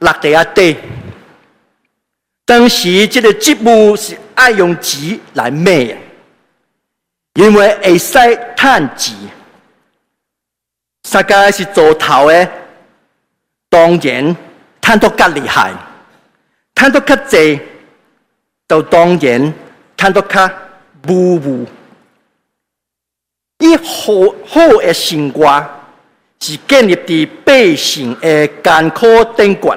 落地一、啊、地，當時這個職務是愛用錢來買嘅，因為會使趁錢，世界是做頭的，當然趁得更厲害，趁得較濟就當然趁得卡無嗚，以好好嘅生活是建立佇百姓的艱苦頂懸。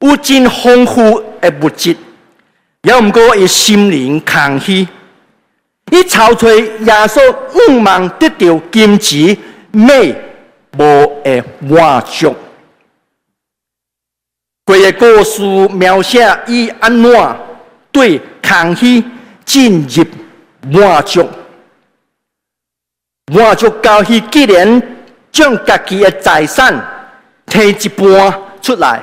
有真豐富的物質，也毋過伊心靈空虛。伊朝吹耶穌，唔盲得到金錢、咩無的滿足。佢個故事描寫伊安怎對空虛進入滿足，滿足到伊居然將家己的財產提一半出來。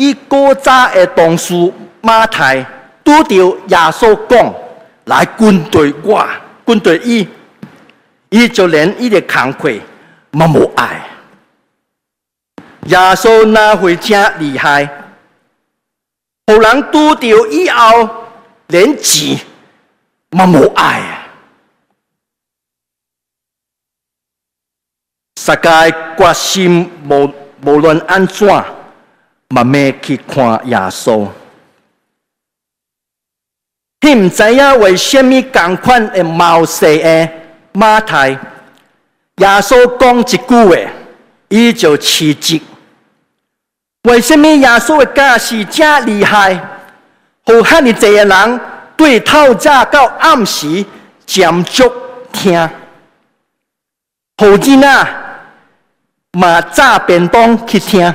伊古早的同事馬太拄著耶穌講，來軍隊掛軍隊伊，伊就連伊的慷慨嘛無愛。耶穌那會真厲害，後人拄著以後連錢嘛無愛啊！世界決心無無論安怎。慢慢去看耶穌，汝唔知影為蝦米咁款嘅貌色的馬太，耶穌講一句話，伊就辭職。為蝦米耶穌的架勢正厲害，予遐爾濟的人對透早到暗時專注聽？好子啊，嘛，早便當去聽。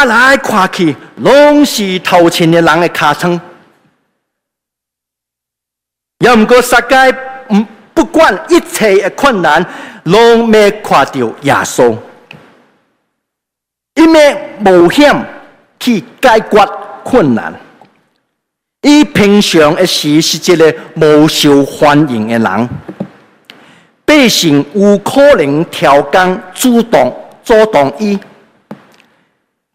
看來看去，攏是頭前嘅人嘅尻川。又毋過世界毋不管一切嘅困難，攏未看到耶穌，因為無冒險去解決困難。伊平常嘅時是一個無受歡迎嘅人，百姓有可能刁工主動阻擋伊。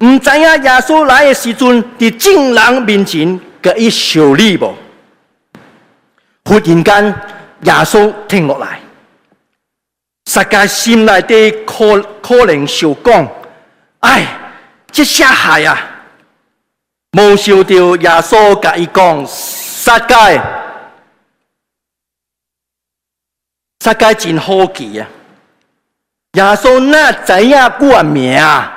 唔知啊！耶穌來的時陣，喺眾人面前，佢已笑禮無。忽然間，耶穌停落來，撒該心內的可可能想講，唉、哎，即下害啊，冇受到耶穌佢講撒該，撒該真好奇啊！耶穌那知啊我名啊！.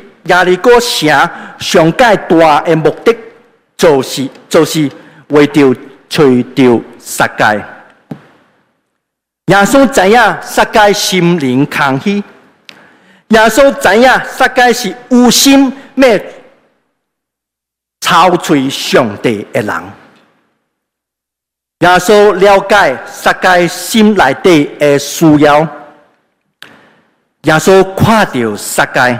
耶利哥想上街大嘅目的，就是，就是就是為咗找到撒該。耶穌知影撒該心靈空虛。耶穌知影撒該是無心要操碎上帝嘅人。耶穌了解撒該心內底嘅需要。耶穌看到撒該。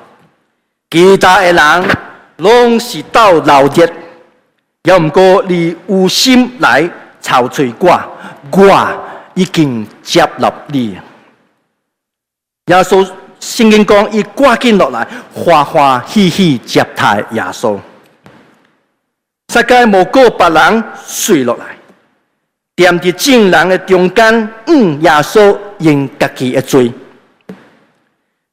其他的人攏是到老熱，要唔過你有心來愁翠我，我已經接納你。耶穌聖經講，伊趕緊落來，歡歡喜喜接待耶穌。世界無過別人碎落來，掂佇眾人嘅中間，嗯，耶穌應自己嘅罪。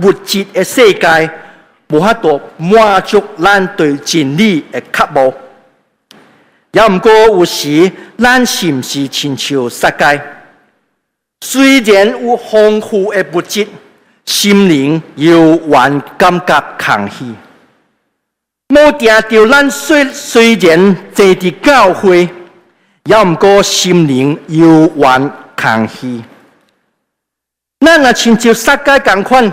物質嘅世界無法度滿足，咱對真理嘅渴望。也毋過有時，咱是毋是親像世界雖然有豐富的物質，心靈猶原感覺空虛。冇調調，咱雖雖然坐佇教會，也毋過心靈猶原空虛。咱啊，親像世界共款。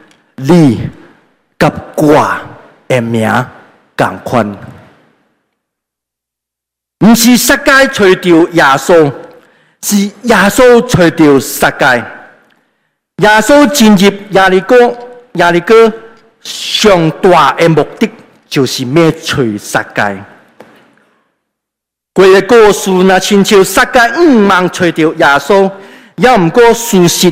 你及掛的名字同款，唔是世界除掉耶穌，是耶穌除掉世界。耶穌進入耶利哥，耶利哥上大的目的就是咩除世界。佢嘅故事嗱，清世界五萬除掉耶穌，也唔過傳說。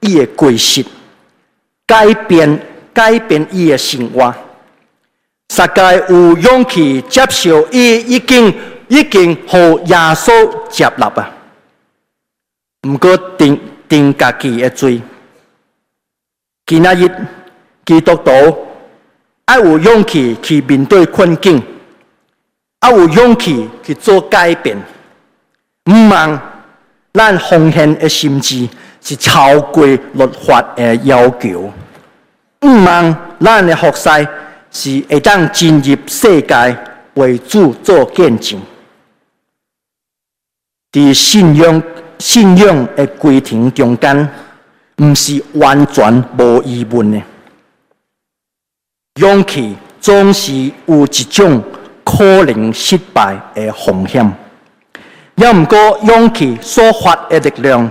伊嘅歸信，改變改變伊嘅生活。世界有勇氣接受伊已經已經予耶穌接納啊，毋過定定家己嘅罪。今仔日，基督徒，愛有勇氣去面對困境，愛有勇氣去做改變，毋通咱奉獻嘅心志。是超過律法嘅要求。毋通，咱嘅服侍是會當進入世界為主做見證。佇信仰信仰嘅過程中間，毋是完全無疑問嘅。勇氣總是有一種可能失敗嘅風險。抑毋過，勇氣所發嘅力量。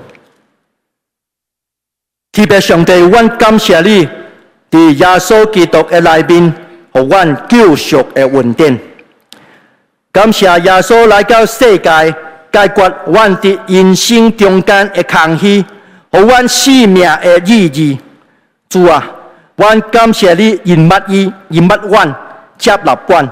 特別上帝，我感謝你，在耶穌基督的內面，予我救贖的恩典；感謝耶穌來到世界，解決我哋人生中間的空虛，予我生命嘅意義。主啊，我感謝你意，認物伊，認物我，接納我。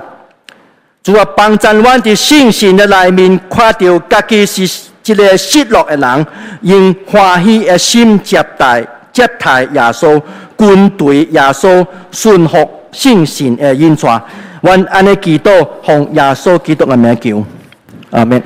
主啊，幫助我哋信心的內面，看到家己是一個失落的人，用歡喜的心接待。接待耶穌，軍隊耶穌信服信神的恩賜，還安利祈禱，向耶穌基督嘅名求，阿門。